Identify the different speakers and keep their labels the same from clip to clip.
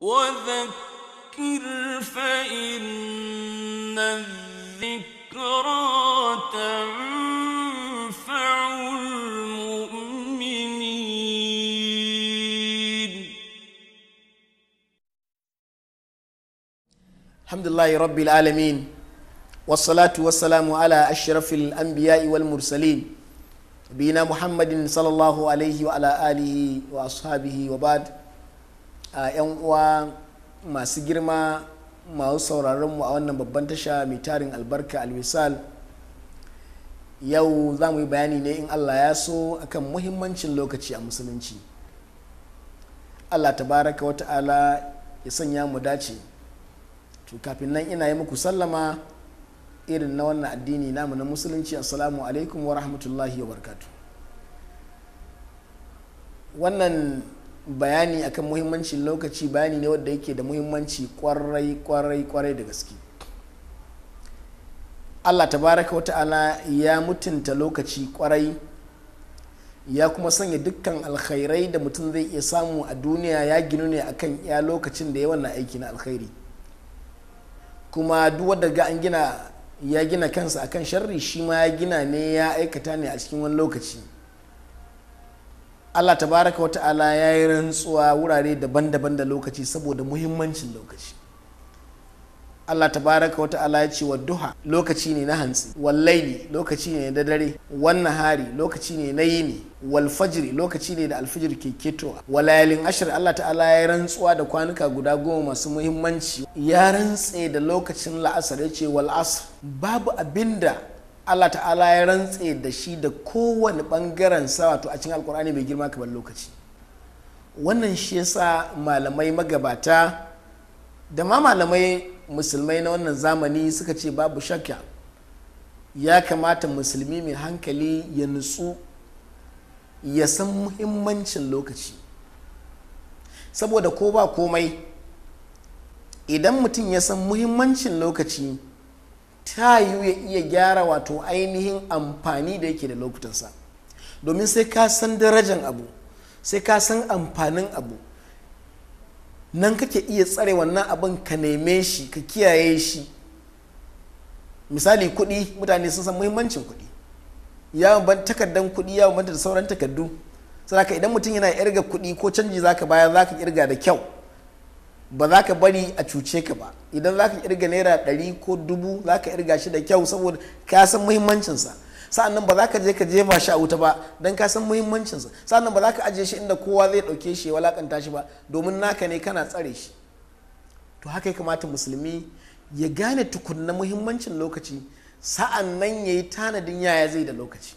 Speaker 1: وذكر فإن الذكرى تنفع المؤمنين الحمد لله رب العالمين والصلاة والسلام على أشرف الأنبياء والمرسلين نبينا محمد صلى الله عليه وعلى آله وأصحابه وبعد a 'yan uwa masu girma masu sauraron mu a wannan babban tasha mai tarin albarka alwisal yau za mu yi bayani ne in allah ya so akan muhimmancin lokaci a musulunci allah tabaraka wa ta'ala ya sanya mu dace to kafin nan ina yi muku sallama irin na wannan addini namu na musulunci assalamu alaikum wa rahmatullahi wa barkatu wannan bayani akan muhimmancin lokaci bayani ne wanda yake da muhimmanci kwarai kwarai kwarai da gaske allah tabaraka wa ta'ala ya mutunta lokaci kwarai ya kuma sanya dukkan alkhairai da mutum zai iya samu a duniya ya ginu ne akan ya lokacin da ya wannan aiki na alkhairi kuma duk wadda ga an gina ya gina kansa akan sharri shi ma ya gina ne ya aikata ne a cikin wani lokaci Allah tabaraka wa ta'ala ya yi rantsuwa wurare daban-daban da lokaci saboda muhimmancin lokaci Allah tabaraka wa ta'ala ya ce wa duha lokaci ne na hantsi wallaili lokaci ne da dare wannan hari lokaci ne na yini Walfajiri lokaci ne da alfijir ke ketowa walayalin ashir Allah ta'ala ya yi rantsuwa da kwanuka guda goma masu muhimmanci ya rantse da lokacin la'asar ya ce wal'asar. Babu babu abinda Allah ta'ala ya rantse da shi da kowane bangaren sa wato a cikin alkur'ani mai girma kamar lokaci wannan shi yasa malamai magabata da ma malamai musulmai na wannan zamani suka ce babu shakka ya kamata musulmi mai hankali ya nutsu ya san muhimmancin lokaci saboda ko ba komai idan mutum ya san muhimmancin lokaci ta yiwu ya iya gyara wato ainihin amfani da yake da lokutansa domin sai ka san darajan abu sai ka san amfanin abu nan kake iya tsare wannan abin ka neme shi ka kiyaye shi misali kuɗi mutane sun san muhimmancin kuɗi ya ban takardan kuɗi ya banta da sauran takardu saboda idan mutum yana irga kuɗi ko canji zaka bayar zaka kirga da kyau ba za ka bari a cuce ka ba idan za ka irga naira ɗari ko dubu za ka irga shi da kyau saboda ka san muhimmancinsa sa'an nan ba za ka je ka jefa shi a wuta ba don ka san muhimmancinsa sa'an nan ba za ka ajiye shi inda kowa zai ɗauke shi ya walakanta shi ba domin naka ne kana tsare shi to haka ya kamata musulmi ya gane tukunna muhimmancin lokaci sa'an nan ya yi tanadin yaya zai da lokaci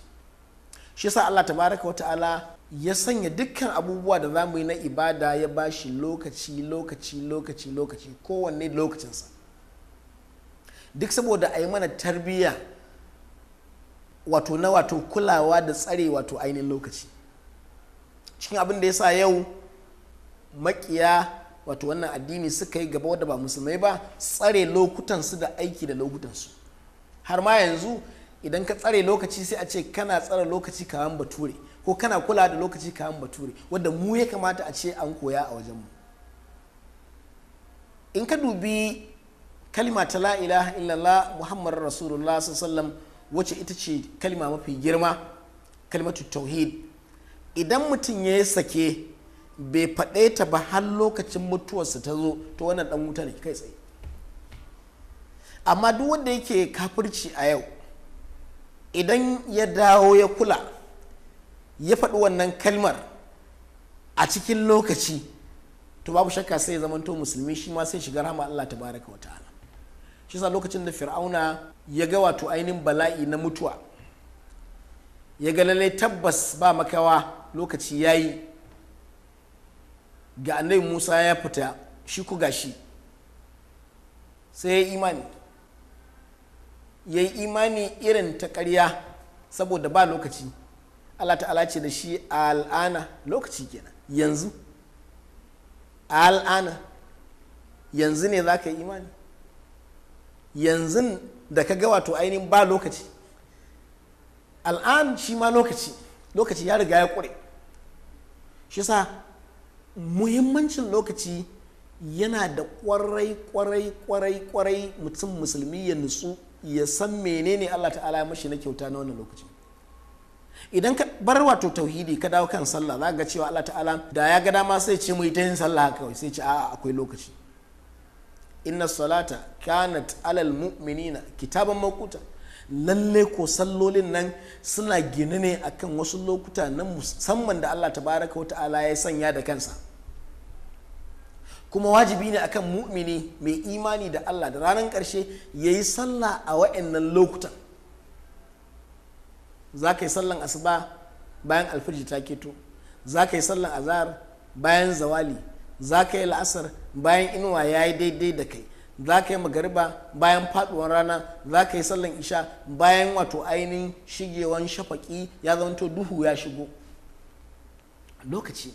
Speaker 1: shi yasa Allah tabaraka wa ta'ala ya sanya dukkan abubuwa da za mu yi na ibada ya ba shi lokaci lokaci lokaci lokaci kowanne lokacinsa duk saboda a yi mana tarbiyya wato na wato kulawa da tsare wato ainihin lokaci cikin abin da ya sa yau makiya wato wannan addini suka yi gaba wadda ba musulmai ba tsare lokutansu da aiki da lokutansu har ma yanzu idan ka tsare lokaci sai a ce kana tsare lokaci kamar bature ko kana kula da lokaci kayan bature wadda mu ya kamata a ce an koya a wajen mu. in ka dubi kalima ta la ilaha illallah muhammad rasulullah sallam wacce ita ce kalima mafi girma kalimatu tauhid idan mutum ya yi sake bai faɗe ta ba har lokacin mutuwarsa ta zo ta wannan ɗan wuta ne kai tsaye amma duk wanda yake kafirci a yau idan ya dawo ya kula ya faɗi wannan kalmar a cikin lokaci to babu shakka sai ya zamanto musulmi shi ma sai shiga rahama Allah Ta baraka wa ta'ala shi sa lokacin da fir'auna ya ga wato ainihin bala'i na mutuwa ya ga lalle tabbas ba makawa lokaci ya yi ga annabi musa ya fita shi ku gashi sai ya imani ya imani irin ta karya saboda ba lokaci Allah ta'ala ce da shi al'ana lokaci kenan yanzu al'ana yanzu ne za ka yi imani yanzu da ka ga wato ainihin ba lokaci al'an shi ma lokaci lokaci ya riga ya ƙure shi sa muhimmancin lokaci yana da kwarai kwarai kwarai kwarai mutum musulmi ya nutsu ya san menene Allah ta'ala ya mashi na kyauta na wannan lokaci idan ka bar wato tauhidi ka dawo kan sallah za ga cewa Allah ta'ala da ya ga dama sai ce mu yi yin sallah kawai sai ce a'a akwai lokaci inna salata kanat alal mu'minina kitaban makuta lalle ko sallolin nan suna gine ne akan wasu lokuta na musamman da Allah tabaraka wa ta'ala ya sanya da kansa kuma wajibi ne akan mu'mini mai imani da Allah da ranar karshe yayi sallah a wa'annan lokutan za ka yi sallan asuba bayan alfijir ta keto za ka yi sallan azar bayan zawali za ka yi la'asar bayan inuwa ya yi daidai da kai za ka yi magariba bayan faduwar rana za ka yi sallan isha bayan wato ainihin shigewan shafaki ya zamanto duhu ya shigo lokaci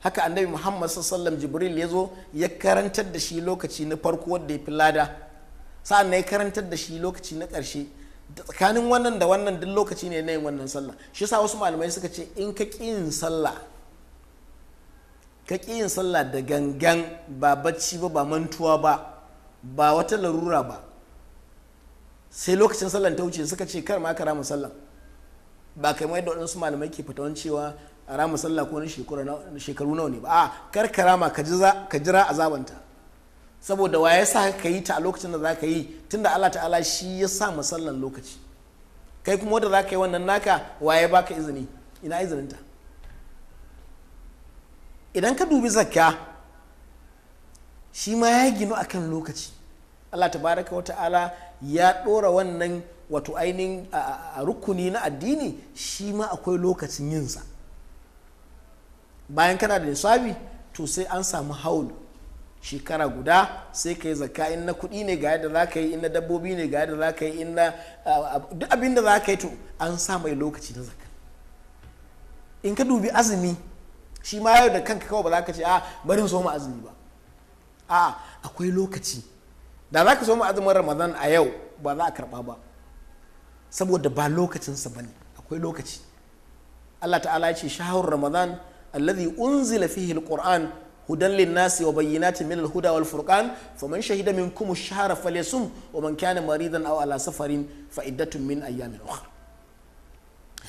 Speaker 1: haka annabi muhammad sallam jibril ya zo ya karantar da shi lokaci na farko wadda ya fi lada sa'an ya karantar da shi lokaci na ƙarshe tsakanin wannan da wannan duk lokaci ne na yin wannan sallah shi sa wasu malamai suka ce in ka ƙi yin sallah ka ƙi yin sallah da gangan ba bacci ba ba mantuwa ba ba wata larura ba sai lokacin sallan ta wuce suka ce kar ma ka rama sallan ba kai mai da waɗansu malamai ke fitawan cewa rama sallah ko na shekaru nawa ne ba a kar ka rama ka jira azabanta saboda wa ya sa ka yi ta a lokacin da za ka yi tunda Allah ta'ala shi ya sa musallan lokaci kai kuma wanda za ka yi wannan naka wa ya baka izini ina izininta idan ka dubi zakka shi ma ya a kan lokaci Allah baraka wa ta'ala ya ɗora wannan wato ainihin a rukuni na addini shi ma akwai lokacin yinsa bayan kana da nisabi to sai an samu haulu shekara guda sai ka yi zakka in na kuɗi ne ga yadda za ka yi in na dabbobi ne ga yadda za ka yi in na duk abin da za ka yi to an sa mai lokaci na zakka in ka dubi azumi shi ma yau da kanka kawai ba za ka ce a barin soma azumi ba a akwai lokaci da za ka so azumin ramadan a yau ba za a karba ba saboda ba lokacinsa ba ne akwai lokaci allah ta'ala ya ce shahar ramadan alladhi unzila fihi alquran hudan linnasi wa bayyinati min al-huda wal furqan faman shahida minkum ash-shahra falyasum wa man kana maridan aw ala safarin fa iddatun min ayyamin ukhra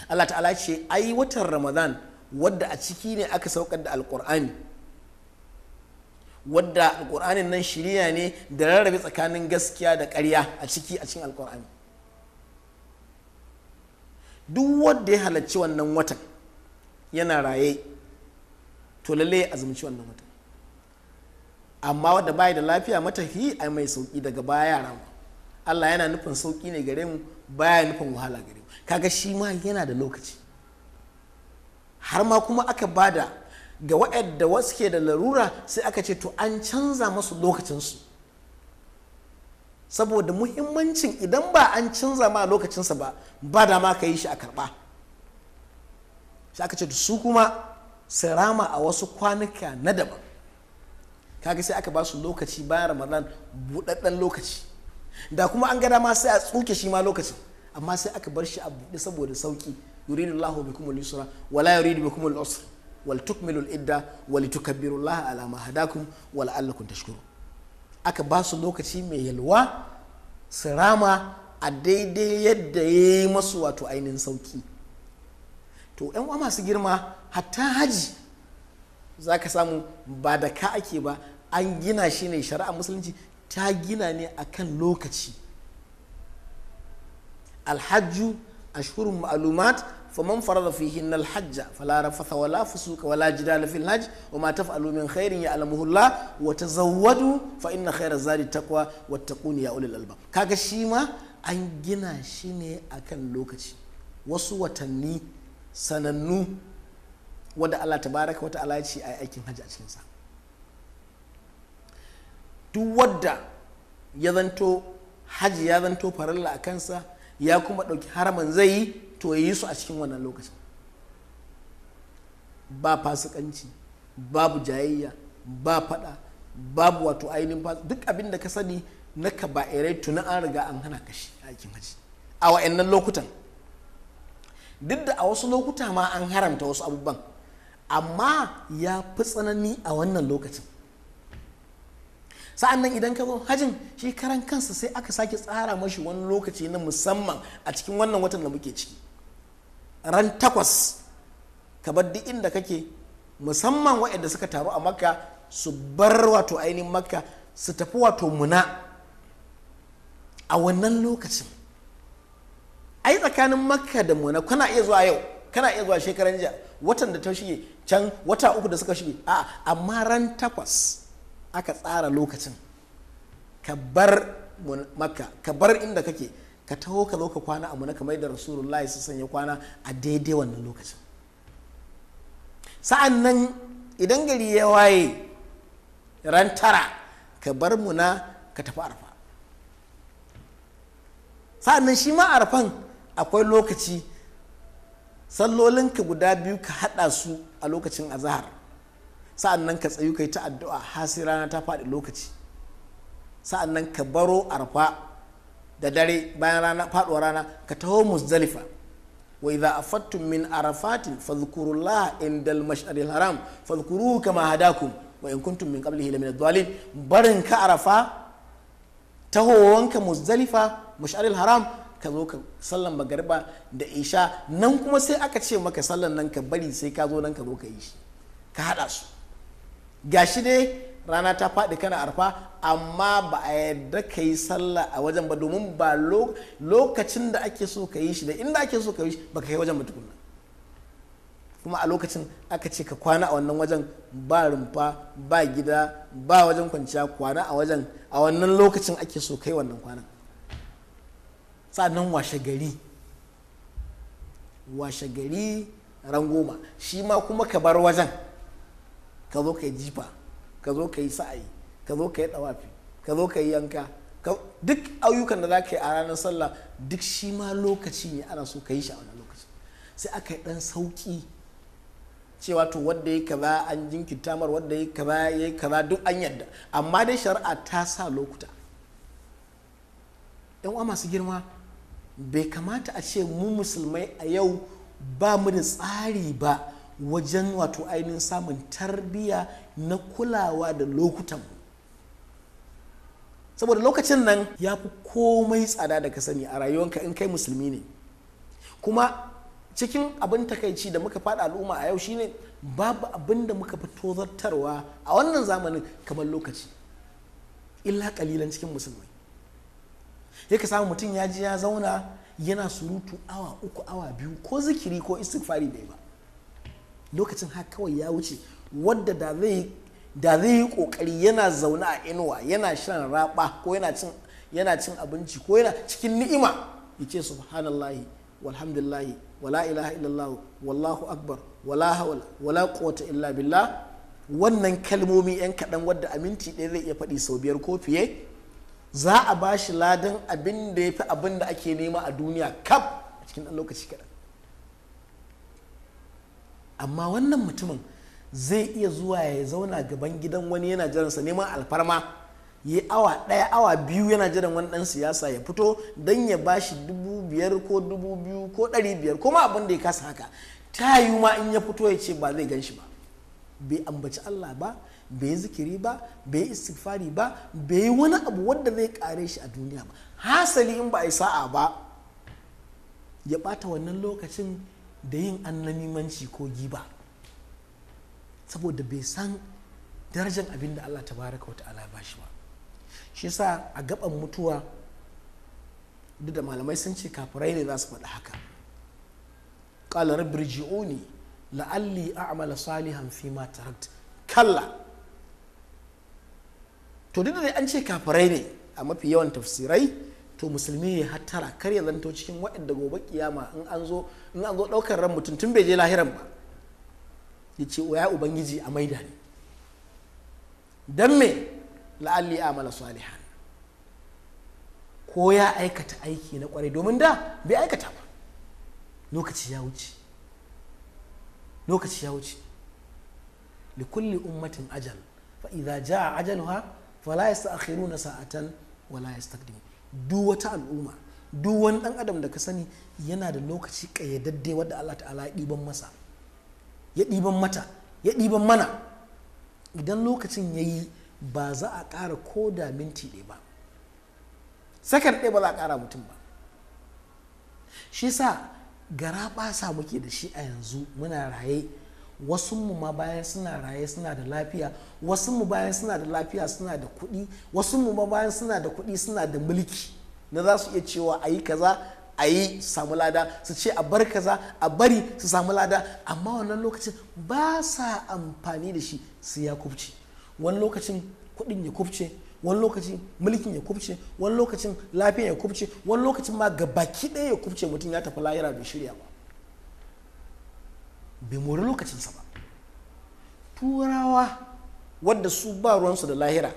Speaker 1: Allah ta'ala ce ai watan Ramadan wadda a ciki ne aka saukar da alqur'ani wadda alqur'anin nan shiriya ne da rarrabe tsakanin gaskiya da ƙarya a ciki a cikin alqur'ani duk wanda ya halarci wannan watan yana raye to lalle ya azumci wannan watan amma wadda bai da lafiya matafi ai mai sauki daga baya yaran Allah yana nufin sauki ne gare mu baya nufin wahala gare mu kaga shi ma yana da lokaci har ma kuma aka bada ga waɗanda wasu ke da larura sai aka ce to an canza masu lokacinsu saboda muhimmancin idan ba an canza ma lokacinsa ba ba da ma ka yi shi a karɓa sai aka ce su kuma sirama a wasu kwanuka na daban kaga sai aka ba su lokaci bayan ramadan buɗaɗɗen lokaci da kuma an gada ma sai a tsuke shi ma lokaci. amma sai aka bar shi a buɗe saboda sauki yuridu Allahu bikum al-yusra wa la yuridu bikum al-usra wal tukmilu idda wa Tukabiru Allah ala ma hadakum wa la'allakum tashkurun aka ba su lokaci mai yalwa sirama, a daidai yadda ya yi masu wato ainihin sauki to yan masu girma hatta haji za ka samu ba da ka ake ba an gina shi ne shari'a musulunci ta gina ne a kan lokaci alhajju ashhurun ma'lumat faman farada fihin alhajja falara fasa wala ka wala na fil hajj wa ma taf'alu alumin khairin ya alamuhulla wa zawadu fa inna kwa wata taqwa kuni ya ulil albab kaga shi ma an gina shi ne a kan lokaci wasu watanni sanannu wanda Allah tabaraka wa ta'ala ya ce ai aikin hajji a cikin duk wanda ya zanto hajji ya zanto farilla a kansa ya kuma ɗauki haraman zai yi to ya yi su a cikin wannan lokacin ba fasikanci babu jayayya ba fada babu wato ainihin duk abin da ka sani na irai tuni an riga an hana kashi a aikin haji a wa'annan lokutan duk da a wasu lokuta ma an haramta wasu abubuwan amma ya fi tsanani a wannan lokacin sa'an nan idan ka zo hajin shi karan kansa sai aka sake tsara mashi wani lokaci na musamman a cikin wannan watan da muke ciki ran takwas ka bar duk inda kake musamman waɗanda suka taru a makka su bar wato ainihin makka su tafi wato muna a wannan lokacin ai tsakanin makka da muna kana iya zuwa yau kana iya zuwa shekaran jiya watan da ta shige can wata uku da suka shige a amma ran takwas aka tsara lokacin ka bar maka ka bar inda kake ka taho ka zo ka kwana a muna kamar da rasulullahi su sanya kwana a daidai wannan lokacin sa'an nan idan gari ya waye ran tara ka bar muna ka tafi arfa sa'an nan shi ma arfan akwai lokaci sallolinka guda biyu ka haɗa su a lokacin azahar sa'an nan ka tsayu kai ta addu'a hasi rana ta faɗi lokaci sa'an nan ka baro arfa da dare bayan rana faɗuwa rana ka taho muzdalifa wa idza afattum min arafatin fadhkurullah indal mash'aril haram fadhkuruhu kama hadakum wa in kuntum min qablihi lamin adh barin ka arafa tahowanka muzdalifa mash'aril haram ka zo ka sallan magariba da isha nan kuma sai aka ce maka sallan nan ka bari sai ka zo nan ka zo ka yi shi ka haɗa su gashi dai rana ta faɗi kana arfa amma ba a yadda ka yi sallah a wajen ba domin ba lokacin da ake so ka yi shi da inda ake so ka yi shi ba ka kai wajen ba tukuna kuma a lokacin aka ce ka kwana a wannan wajen ba rumfa ba gida ba wajen kwanciya kwana a wajen a wannan lokacin ake so ka kai wannan kwanan sannan washe gari washe gari ran goma shi ma kuma ka bar wajen ka zo ka yi jifa ka zo ka yi sa'ayi ka zo ka yi dawafi ka zo ka yi yanka duk ayyukan da za ka yi a ranar sallah duk shi ma lokaci ne ana so ka yi shi lokaci sai aka yi ɗan sauki cewa to wanda ya kaza an jinkirta mar wanda ya kaza ya kaza duk an yadda amma dai shari'a ta sa lokuta yan masu girma bai kamata a ce mu musulmai a yau ba mu da tsari ba wajen wato ainihin samun tarbiyya na kulawa da lokutan saboda lokacin nan ya fi komai tsada daga sani a rayuwanka in kai musulmi ne kuma cikin abin takaici da muka faɗa al'umma a yau shine babu abin da muka fi tozartarwa a wannan zamanin kamar lokaci illa kalilan cikin musulmai yake samu mutum ya ji ya zauna yana surutu awa uku awa biyu ko zikiri ko istighfari bai ba lokacin haka kawai ya wuce wadda da zai yi kokari yana zaune a inuwa yana shan raba ko yana cin abinci ko yana cikin ni'ima yace subhanallahi walhamdulillahi wala ilaha illallah wallahu akbar wala hawla wala quwwata illa billah wannan kalmomi yan kaɗan wadda aminti ɗaya zai iya faɗi sau biyar ko fiye za a ba shi ladan abin da ya fi abin da ake nema a duniya kaf a cikin ɗan lokaci kaɗan amma wannan mutumin zai iya zuwa ya zauna gaban gidan wani yana jiransa neman alfarma yi awa ɗaya awa biyu yana jiran wani ɗan siyasa ya fito don ya ba shi dubu biyar ko dubu biyu ko ɗari biyar ko ma abin da ya kasa haka ta yi ma in ya fito ya ce ba zai gan shi ba bai ambaci Allah ba bai zikiri ba bai istighfari ba bai wani abu wanda zai kare shi a duniya ba hasali in ba a yi sa'a ba ya bata wannan lokacin da yin annamimanci ko giba saboda bai san darajar abin da Allah tabaraka wata ala ba shi ba shi sa a gaban mutuwa duk da malamai sun ce kafirai ne za su faɗi haka Ƙalar birji'uni la'alli a'mala salihan fi ma tarakt kalla to duk da an ce kafirai ne a mafi yawan tafsirai to musulmi ya hattara kar ya zanto cikin waɗanda gobe kiyama in an zo ɗaukar ran mutum tun bai je lahiran ba ya ce ya ubangiji a maida ne dan me la'alli amala salihan ko ya aikata aiki na kwarai domin da bai aikata ba lokaci ya wuce lokaci ya wuce likulli ummatin ajal fa idza jaa ajaluha fala na sa'atan wala yastaqdimu duk wata al'umma duk wani dan adam da ka sani yana da lokaci kayyadadde wadda Allah ta'ala ya diban masa ya diban mata ya ɗiban mana idan lokacin ya yi ba za a ƙara ko da minti ɗaya ba sakar ɗaya ba za a ƙara mutum ba shi sa gara ba sa muke da shi a yanzu muna raye wasu mu ma bayan suna raye suna da lafiya wasu mu bayan suna da lafiya suna da kuɗi wasu mu ma bayan suna da kuɗi suna da mulki na za su iya cewa a yi kaza a yi samu lada su ce a bar kaza a bari su samu lada amma wannan lokacin ba sa amfani da shi su ya kubce wani lokacin kuɗin ya kubce wani lokacin mulkin ya kubce wani lokacin lafiya ya kubce wani lokacin ma ga baki ɗaya ya kubce mutum ya tafi lahira bai shirya ba bai mori lokacinsa ba turawa wadda su ba ruwansu da lahira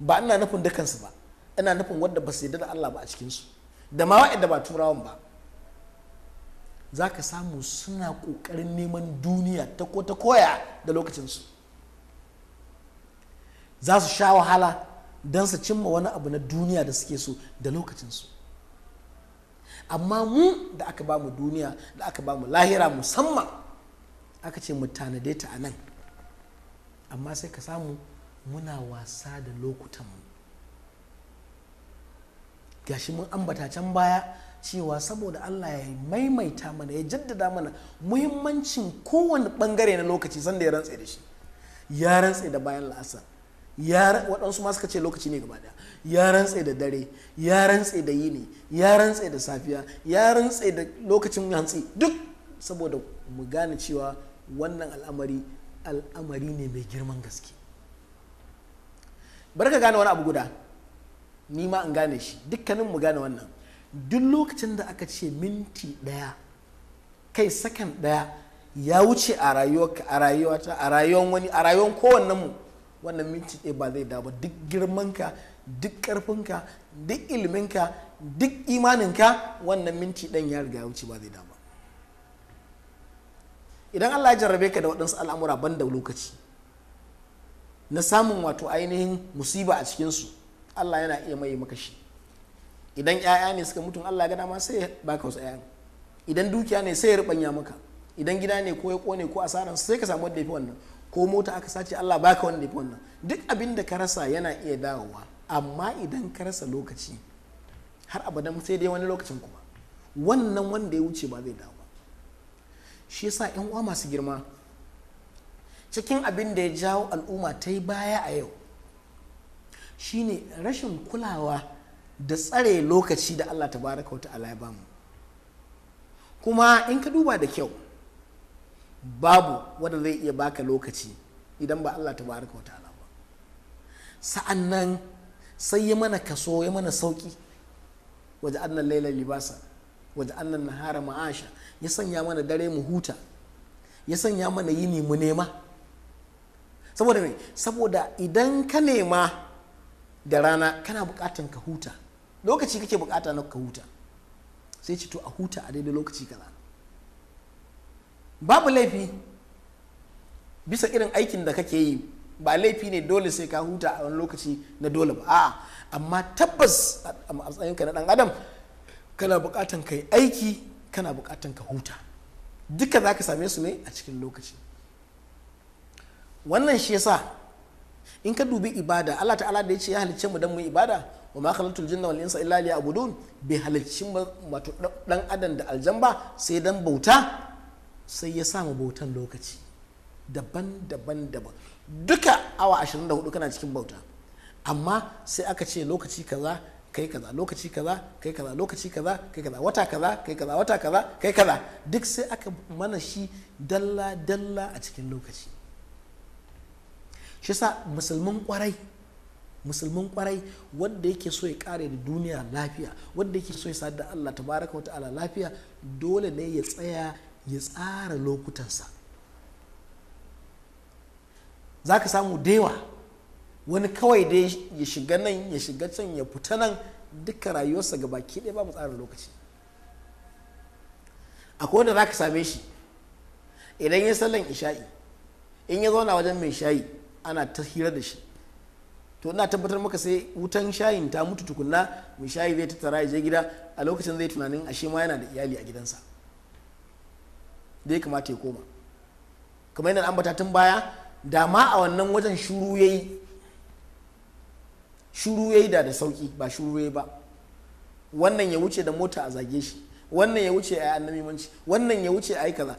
Speaker 1: ba ina nufin dukansu ba ina nufin wadda ba su yi da Allah ba a cikinsu da ma wa'anda ba turawan ba za ka samu suna ƙoƙarin neman duniya ta ko ta koya da lokacinsu za su sha wahala don su cimma wani abu na duniya da suke so da lokacinsu amma mu da aka ba mu duniya da aka ba mu lahira musamman aka ce mu tanade ta a nan amma sai ka samu muna wasa da lokutan mu. gashi mun ambata can baya cewa saboda Allah ya maimaita mana ya jaddada mana muhimmancin kowane bangare na lokaci sanda ya rantse da shi ya rantse da bayan la'asar waɗansu ma suka ce lokaci ne gaba ya rantse da dare ya rantse da yini ya rantse da safiya ya rantse da lokacin yantsi duk saboda mu gane cewa wannan al'amari al'amari ne mai girman gaske barka gane wani abu guda ni ma an gane shi dukkanin mu gane wannan duk lokacin da aka ce minti ɗaya kai sakan ɗaya ya wuce a rayuwarka a a rayuwar wani a rayuwar kowannenmu mu wannan minti ɗaya ba zai da ba duk girmanka duk ƙarfinka duk iliminka duk imaninka wannan minti ɗan ya riga wuce ba zai da ba idan allah ya jarrabe ka da waɗansu al'amura ban da lokaci na samun wato ainihin musiba a cikinsu allah yana iya mai maka shi idan 'ya'ya ne suka mutum allah ya gada ma sai ya baka wasu 'ya'yan idan dukiya ne sai ya rubanya maka idan gida ne ko ya kone ko asaran sai ka samu wanda ya fi wannan ko mota aka sace Allah baka wanda ya fi wannan duk abin da ka rasa yana iya dawowa amma idan ka rasa lokaci har abadan sai dai wani lokacin kuma wannan wanda ya wuce ba zai dawo ba shi yasa yan uwa masu girma cikin abin da ya jawo al'umma ta yi baya a yau shine rashin kulawa da tsare lokaci da Allah tabaraka wa ta'ala ya bamu kuma in ka duba da kyau babu wanda zai iya baka lokaci idan ba Allah ta tabaraka wata ta'ala ba sa'an nan sai ya mana kaso ya mana sauki waje annan laila libasa waje annan nahara ma'asha ya sanya mana dare mu huta ya sanya mana yini mu nema saboda me saboda idan ka nema da rana kana bukatan ka huta lokaci kake bukata na ka huta sai ce to a huta a daidai lokaci kaza babu laifi bisa irin aikin da kake yi ba laifi ne dole sai ka huta a wani lokaci na dole ba a'a amma tabbas a matsayinka na dan adam kana bukatan ka yi aiki kana bukatan ka huta duka za ka same su ne a cikin lokaci wannan shi yasa in ka dubi ibada Allah ta'ala da ya ce ya halicce mu dan mu ibada wa ma khalaqtul jinna wal insa illa liya'budun bi halicci wato dan adam da aljan sai dan bauta sai ya samu bautan lokaci daban daban daban duka awa 24 kana cikin bauta amma sai aka ce lokaci kaza kai kaza lokaci kaza kai kaza lokaci kaza kai kaza wata kaza kai kaza wata kaza kai kaza duk sai aka mana shi dalla dalla a cikin lokaci shi sa musulmin kwarai musulmin kwarai wanda yake so ya kare da duniya lafiya wanda yake so ya sadar da Allah tabaraka wa ta'ala lafiya dole ne ya tsaya ya tsara lokutansa za ka samu dewa wani kawai dai ya shiga nan ya shiga can ya fita nan duka rayuwarsa ga baki ɗaya mu tsara lokaci akwai wanda za ka same shi idan ya sallan isha'i in ya zauna wajen mai shayi ana ta hira da shi to ina tabbatar maka sai wutan shayin ta mutu tukunna mai shayi zai tattara ya je gida a lokacin zai tunanin ashe ma yana da iyali a gidansa da ya kamata ya koma kamar yana ambata tun baya da ma a wannan wajen shuru ya yi shuru ya yi da da sauki ba shuru ya ba wannan ya wuce da mota a zage shi wannan ya wuce a yi manci wannan ya wuce a yi kaza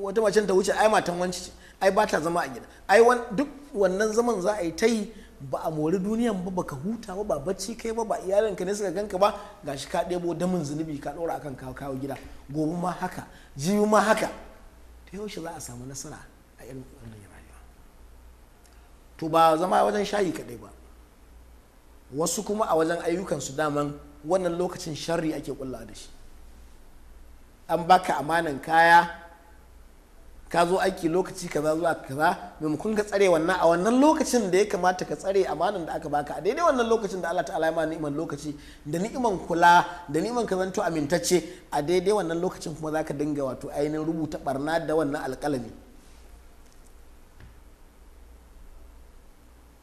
Speaker 1: wata macen ta wuce ai matan wanci ce ai ba ta zama a gida ai duk wannan zaman za a yi ta yi ba a mori duniyan ba baka huta ba ba bacci kai ba ba iyalinka ne suka ganka ba gashi ka ɗebo damin zunubi ka ɗora akan kawo gida gobe ma haka jiyu ma haka ta yaushe za a samu nasara a irin wannan rayuwa to ba zama wajen shayi kadai ba wasu kuma a wajen ayyukansu daman wannan lokacin sharri ake kulla da shi an baka amanan kaya ka zo aiki lokaci kaza zuwa kaza maimakon ka tsare wannan a wannan lokacin da ya kamata ka tsare amanan da aka baka a daidai wannan lokacin da Allah ta'ala ma ni'iman lokaci da ni'iman kula da ni'iman ka zanto amintacce a daidai wannan lokacin kuma zaka dinga wato ainihin rubuta barna da wannan alƙalami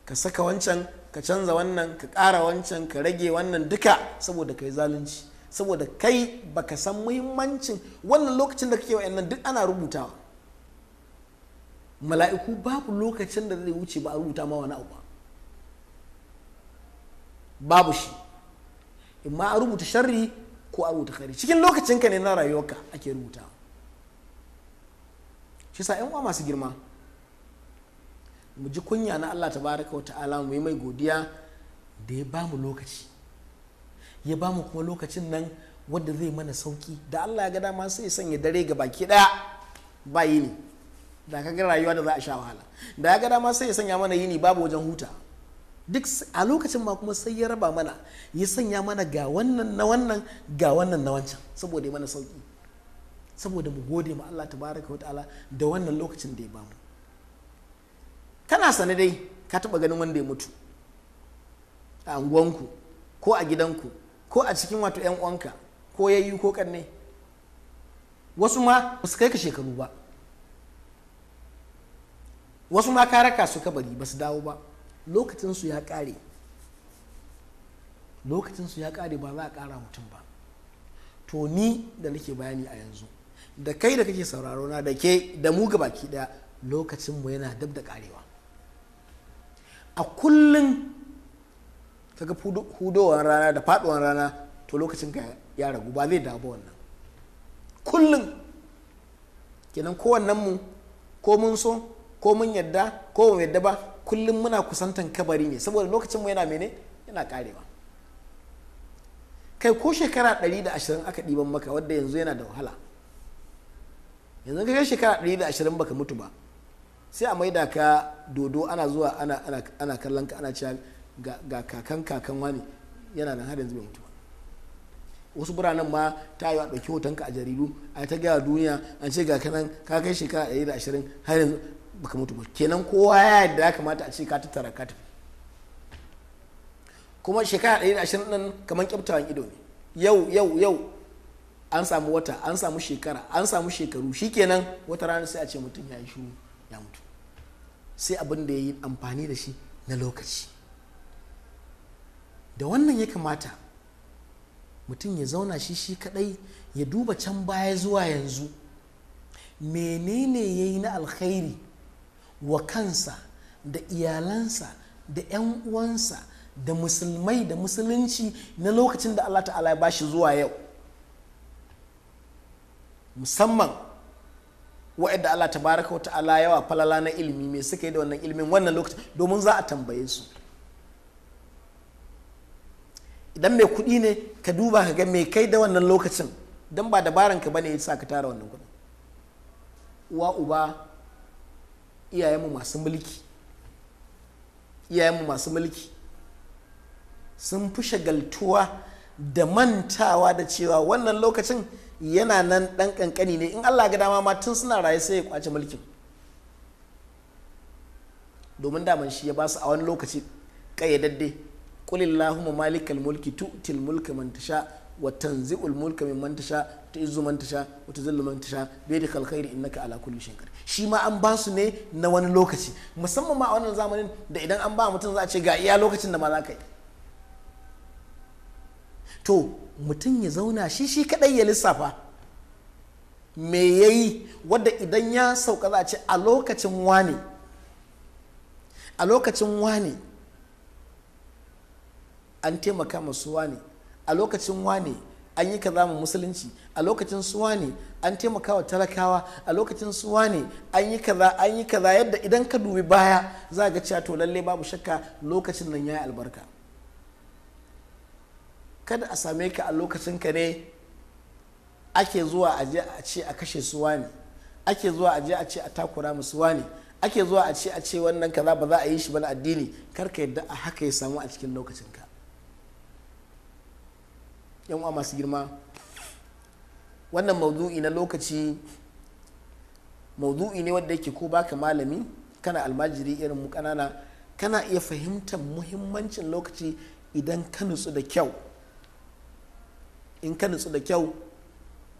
Speaker 1: ka saka wancan ka canza wannan ka kara wancan ka rage wannan duka saboda kai zalunci saboda kai baka san muhimmancin wannan lokacin da kake wa'annan duk ana rubutawa mala'iku babu lokacin da zai wuce ba a rubuta ma wani abu ba babu shi in a rubuta sharri ko a rubuta kari cikin lokacin ka ne na rayuwarka ake rubuta shi sa 'yan uwa masu girma mu ji kunya na Allah tabaraka ta'ala mu yi mai godiya da ya bamu lokaci ya bamu kuma lokacin nan wanda zai mana sauki da Allah ya ga dama sai ya sanya dare ga baki daya bayi ne da ka ga rayuwa da za a sha wahala da ya ga dama sai ya sanya mana yini babu wajen huta duk a lokacin ma kuma sai ya raba mana ya sanya mana ga wannan na wannan ga wannan na wancan saboda mana sauki saboda mu gode ma Allah tabaraka wa ta'ala da wannan lokacin da ya bamu kana sane dai ka taba ganin wanda ya mutu a unguwanku ko a gidanku ko a cikin wato yan uwanka ko yayi ko kanne wasu ma ba su kai ka shekaru ba wasu ma ka raka su kabari ba su dawo ba lokacinsu ya kare lokacinsu ya kare ba za a kara mutum ba to ni da nake bayani a yanzu da kai da kake sauraro na da ke da mu ga baki daya lokacinmu yana dab da karewa a kullum kaga hudowar rana da faduwar rana to lokacin ka ya ragu ba zai dawo wannan kullum kenan kowannen mu ko mun so ko mun yadda ko mun yadda ba kullum muna kusantan kabari ne saboda lokacin mu yana mene yana karewa kai ko shekara 120 aka ɗiban maka wadda yanzu yana da wahala yanzu ka kai shekara 120 baka mutu ba sai a maida ka dodo ana zuwa ana ana ana kallon ka ana cewa ga, kakan kakan wani yana nan har yanzu bai mutu ba wasu biranen ma ta yi a ɗauki hotonka a jaridu a ta gaya duniya an ce ga kanan ka kai shekara 120 har yanzu baka mutu ba kenan kowa ya yadda ya kamata a ce ka tattara ka kuma shekara ɗari da ashirin nan kamar kyaftawan ido ne yau yau yau an samu wata an samu shekara an samu shekaru shikenan wata rana sai a ce mutum ya yi shuru ya mutu sai abin da ya yi amfani da shi na lokaci da wannan ya kamata mutum ya zauna shi shi kadai ya duba can baya zuwa yanzu menene ya yi na alkhairi wa kansa da iyalansa da 'yan uwansa da musulmai da musulunci na lokacin da Allah ta'ala ya bashi zuwa yau musamman wa'adda Allah ta baraka wata ala yawa falala na ilimi mai suka yi da wannan ilimin wannan lokacin domin za a tambaye su idan mai kuɗi ne ka duba ka ga mai kai da wannan lokacin don ba dabaranka ka ne ya sa ka tara wannan kuɗin uwa uba iyayenmu masu mulki iyayenmu masu mulki sun fi shagaltuwa da mantawa da cewa wannan lokacin yana nan ɗan ƙanƙani ne in allah ga dama ma tun suna raye sai ya kwace mulkin domin daman shi ya ba su a wani lokaci ƙayyadadde ƙulillahu malikal mulki tu'til mulka man tasha wa tanzi'ul mulka mimman tasha ta izu man tasha wa tuzillu bai da bi da kalkhairi ala kulli shay'in shi ma an ba su ne na wani lokaci musamman ma a wannan zamanin da idan an ba mutum za a ce ga iya lokacin da ma za ka yi to mutum ya zauna shi shi kadai ya lissafa me yayi wadda idan ya sauka za a ce a lokacin wane a lokacin wane an taimaka masu wane a lokacin wane an yi kaza mu musulunci a lokacin suwa ne an taimakawa talakawa a lokacin suwa ne an yi kaza an yi kaza yadda idan ka dubi baya za ga cewa to lalle babu shakka lokacin nan ya yi albarka kada a same ka a lokacin ka ne ake zuwa a je a ce a kashe suwa ne ake zuwa a je a ce a takura mu suwa ne ake zuwa a ce a ce wannan kaza ba za a yi shi ba na addini kar ka yadda a haka ya samu a cikin lokacin ka yan wa masu girma wannan maudu'i na lokaci maudu'i ne wanda yake ko baka malami kana almajiri irin mu kanana kana iya fahimtar muhimmancin lokaci idan ka nutsu da kyau in ka nutsu da kyau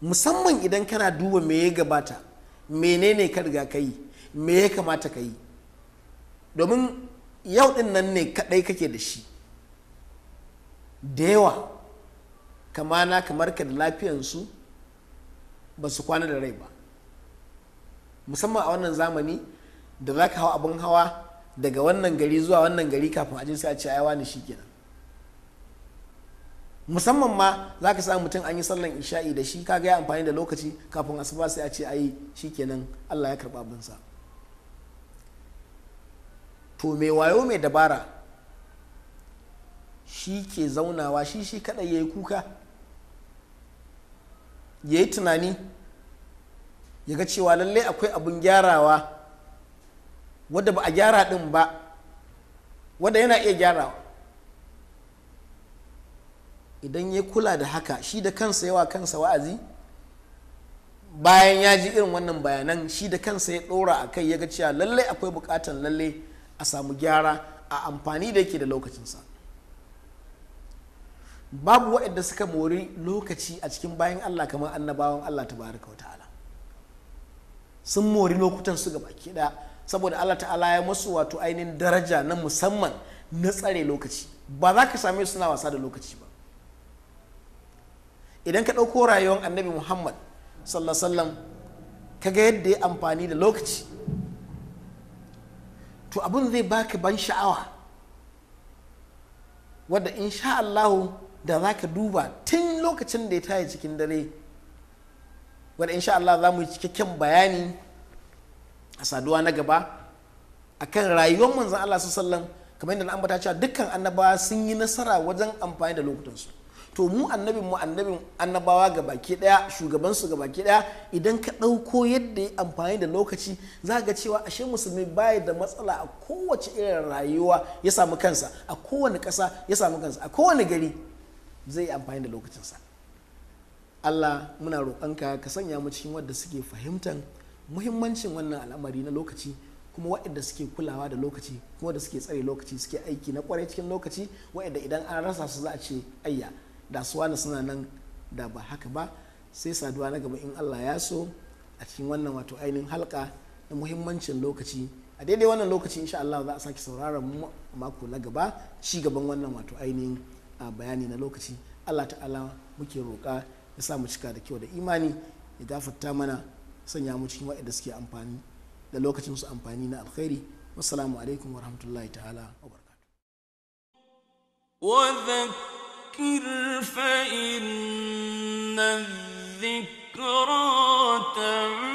Speaker 1: musamman idan kana duba me ya gabata menene ka riga ka yi me ya kamata ka yi domin yau din nan ne kadai kake da shi da yawa kama na kamar ka da lafiyansu ba su kwana da rai ba musamman a wannan zamani da za ka hau abin hawa daga wannan gari zuwa wannan gari kafin a sai a ce ayawa ne kenan musamman ma za ka sa mutum an yi sallan isha'i da shi kaga ya amfani da lokaci kafin asuba sai a ce ayi kenan allah ya abin abinsa to mai wayo mai dabara shi ke zaunawa shi shi kaɗai ya yi kuka ya yi tunani ya ga cewa lallai akwai abun gyarawa wadda ba a gyara ɗin ba wadda yana iya gyarawa idan ya kula da haka shi da kansa yawa kansa wa'azi bayan ya ji irin wannan bayanan shi da kansa ya ɗora a kai ya ga cewa lallai akwai bukatan lallai a samu gyara a amfani da yake da lokacinsa babu waɗanda suka mori lokaci a cikin bayan Allah kamar annabawan Allah ta baraka wa ta'ala sun mori lokutan su gaba da saboda Allah ta'ala ya masu wato ainihin daraja na musamman na tsare lokaci ba za ka same suna wasa da lokaci ba idan ka ɗauko rayuwar annabi muhammad sallallahu ka ga yadda ya amfani da lokaci to abin zai baka ban sha'awa wadda insha Allahu da za ka duba tun lokacin da ya tayi cikin dare wanda insha Allah za mu yi cikakken bayani a saduwa na gaba a kan rayuwar manzan Allah sallallahu kamar yadda na ambata cewa dukkan annabawa sun yi nasara wajen amfani da lokutansu to mu annabin mu annabin annabawa ga baki daya shugaban su ga baki daya idan ka ɗauko yadda ya amfani da lokaci za ga cewa ashe musulmi baya da matsala a kowace irin rayuwa ya samu kansa a kowane kasa ya samu kansa a kowane gari zai amfani da lokacinsa allah muna roƙonka ka sanya mu cikin wadda suke fahimtar muhimmancin wannan al'amari na lokaci kuma waɗanda suke kulawa da lokaci kuma da suke tsare lokaci suke aiki na kwarai cikin lokaci waɗanda idan an rasa su za a ce ayya da su wani suna nan da ba haka ba sai saduwa na gaba in allah ya so a cikin wannan wato ainihin halka na muhimmancin lokaci a daidai wannan lokaci insha allah za a sake sauraron mako na gaba ci gaban wannan wato ainihin a bayani na lokaci allah ta'ala muke roƙa ya sa mu cika da kyau da imani ya gafarta mana sanya mu cikin wa'anda suke amfani da lokacin su amfani na alkhairi wassalamu alaikum wa rahmatullahi ta'ala wa barakatuh